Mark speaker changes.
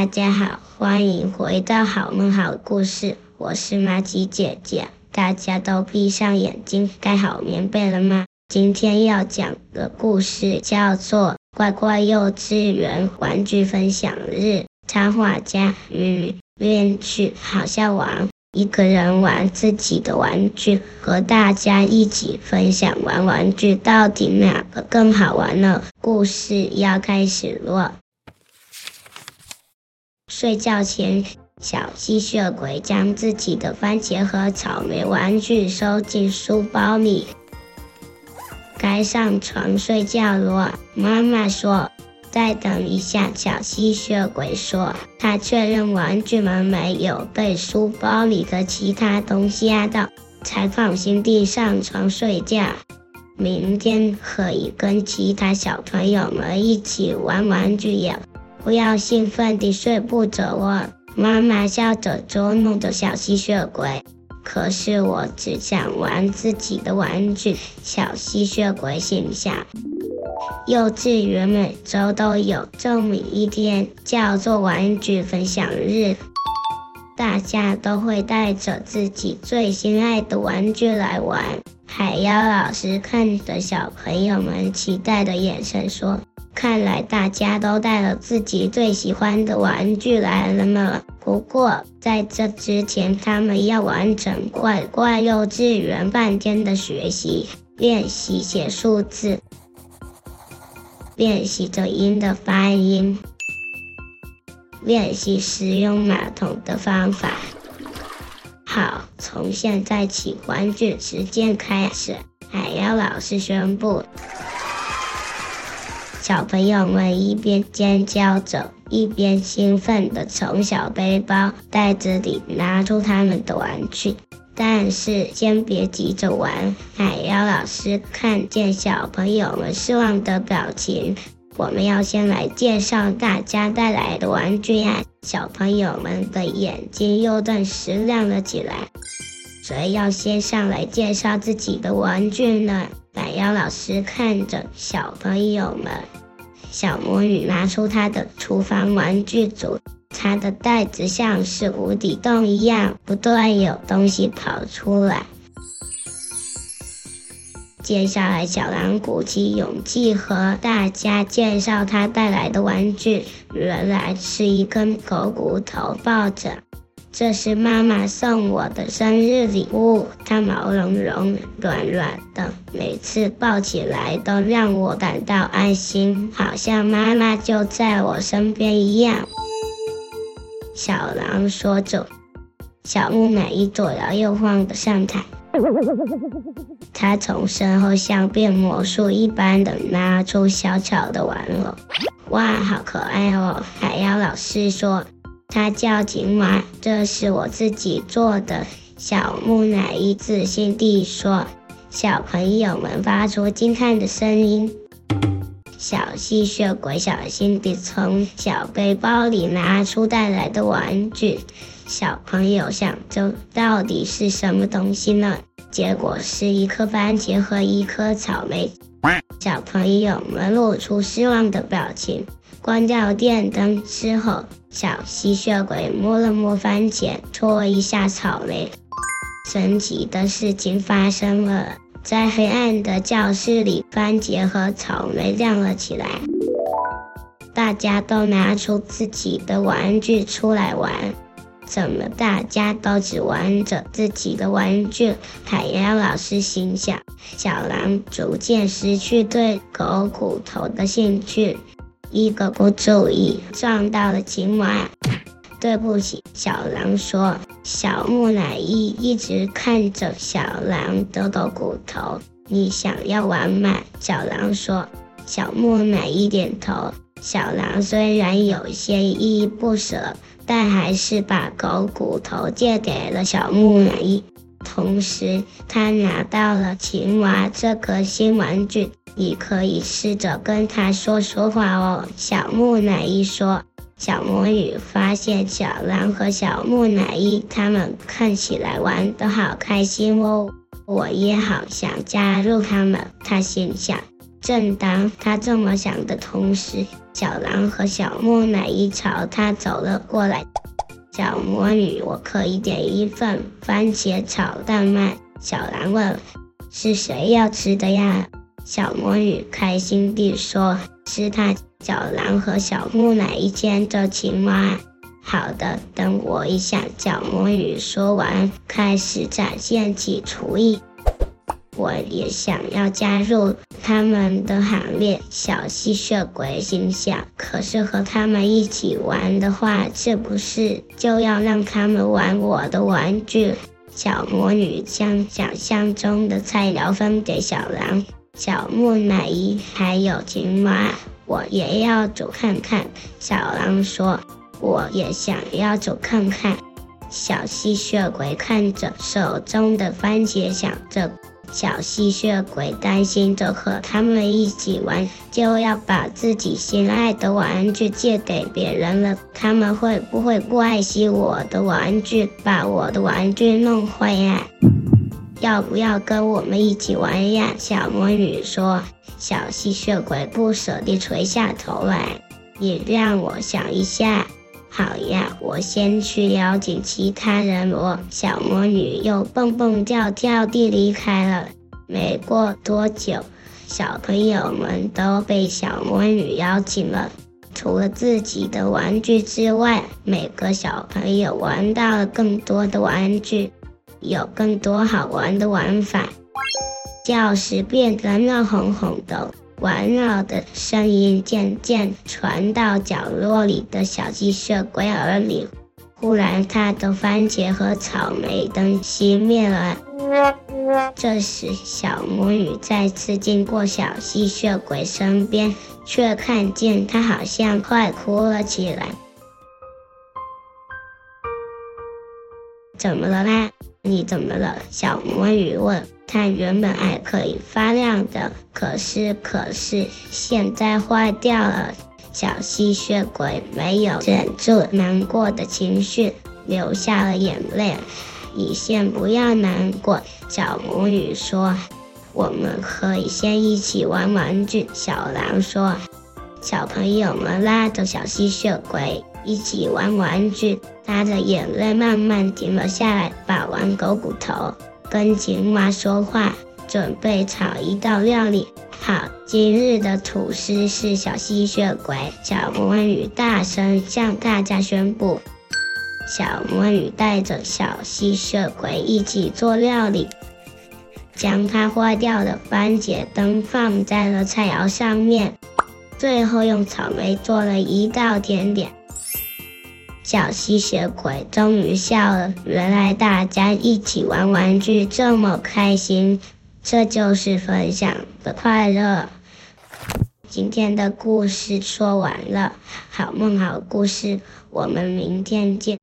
Speaker 1: 大家好，歡迎回到好夢好故事，我是馬吉姐姐。大家都閉上眼睛，蓋好棉被了嗎？今天要講的故事叫做《怪怪幼稚園玩具分享日》。插畫家魚魚，編劇好笑王，一個人玩自己的玩具，和大家一起分享玩玩具，到底哪個更好玩呢？故事要開始嘍！睡覺前，小吸血鬼將自己的番茄和草莓玩具收進書包裡。該上床睡覺了。媽媽說：“再等一下。”小吸血鬼說。他確認玩具們沒有被書包裡的其他東西壓到，才放心地上床睡覺。明天可以跟其他小朋友們一起玩玩具呀。不要興奮地睡不着了，媽媽笑着捉弄着小吸血鬼。可是我只想玩自己的玩具，小吸血鬼心想。幼稚園每周都有這麼一天，叫做玩具分享日，大家都會帶着自己最心愛的玩具來玩。海妖老師看着小朋友們期待的眼神說。看來大家都帶了自己最喜歡的玩具來了呢。不過在這之前，他們要完成怪怪幼稚園半天的學習練習：寫數字，練習注音的發音，練習使用馬桶的方法。好，從現在起，玩具時間開始。海洋老師宣布。小朋友們一邊尖叫着，一邊興奮地從小背包袋子裡拿出他們的玩具。但是，先別急着玩，海妖老師看見小朋友們失望的表情，我們要先來介紹大家帶來的玩具啊！小朋友們的眼睛又頓時亮了起來。誰要先上來介紹自己的玩具呢？海妖老師看着小朋友們。小魔女拿出她的廚房玩具組，她的袋子像是無底洞一樣，不斷有東西跑出來。接下來，小蘭鼓起勇氣和大家介紹她帶來的玩具，原來是一根狗骨頭抱枕。這是媽媽送我的生日禮物，它毛茸茸、軟軟的，每次抱起來都讓我感到安心，好像媽媽就在我身邊一樣。小狼說着，小木乃伊左搖右晃的上台，它從身後像變魔術一般的拿出小巧的玩偶，哇，好可愛哦！海妖老師說。他叫金丸，這是我自己做的。小木乃伊自信地說。小朋友們發出驚嘆的聲音。小吸血鬼小心地從小背包裡拿出帶來的玩具。小朋友想，這到底是什麼東西呢？結果是一顆番茄和一顆草莓。小朋友們露出失望的表情。關掉電燈之後，小吸血鬼摸了摸番茄，戳一下草莓。神奇的事情發生了，在黑暗的教室裡，番茄和草莓亮了起來。大家都拿出自己的玩具出來玩，怎麼大家都只玩着自己的玩具？海洋老師心想：小狼逐漸失去對狗骨頭的興趣。一個不注意撞到了青蛙，對不起。小狼說：“小木乃伊一直看着小狼的狗骨頭，你想要玩嗎？”小狼說：“小木乃伊點頭。”小狼雖然有些依依不捨，但還是把狗骨頭借給了小木乃伊，同時他拿到了青蛙這個新玩具。你可以試着跟他說說話哦。小木乃伊說。小魔女發現小狼和小木乃伊。他們看起來玩得好開心哦，我也好想加入他們，他心想。正當他這麼想的同時，小狼和小木乃伊朝他走了過來。小魔女，我可以點一份番茄炒蛋嗎？小狼問：“是誰要吃的呀？”小魔女開心地說：“是他。”小狼和小木乃伊見着青蛙，好的，等我一下。小魔女說完，開始展現起廚藝。我也想要加入他們的行列。小吸血鬼心想：“可是和他們一起玩的話，是不是就要讓他們玩我的玩具？”小魔女將想象中的菜餚分給小狼。小木乃伊還有青蛙，我也要走看看。小狼說：“我也想要走看看。”小吸血鬼看着手中的番茄，想着：小吸血鬼擔心着和他們一起玩，就要把自己心愛的玩具借給別人了。他們會不會不愛惜我的玩具，把我的玩具弄壞呀、啊？要不要跟我們一起玩呀？小魔女說。小吸血鬼不舍得垂下頭來。你讓我想一下。好呀，我先去邀請其他人物。魔小魔女又蹦蹦跳跳地離開了。沒過多久，小朋友們都被小魔女邀請了。除了自己的玩具之外，每個小朋友玩到了更多的玩具。有更多好玩的玩法，教室變得鬧哄哄的，玩鬧的聲音漸漸傳到角落裡的小吸血鬼耳裡。忽然，他的番茄和草莓燈熄滅了。這時，小魔女再次經過小吸血鬼身邊，卻看見他好像快哭了起來。怎麼了？你怎麼了，小魔女問。它原本還可以發亮的，可是，可是現在壞掉了。小吸血鬼沒有忍住難過的情緒，流下了眼淚。你先不要難過，小魔女說。我們可以先一起玩玩具。小狼說。小朋友們拉着小吸血鬼，一起玩玩具，他的眼淚慢慢停了下來。把玩狗骨頭，跟青蛙說話，準備炒一道料理。好，今日的吐司是小吸血鬼，小魔女大聲向大家宣布。小魔女帶着小吸血鬼一起做料理，將他壞掉的番茄燈放在了菜餚上面，最後用草莓做了一道甜點，點。小吸血鬼終於笑了。原來大家一起玩玩具這麼開心，這就是分享的快樂。今天的故事說完了，好夢好故事，我們明天見。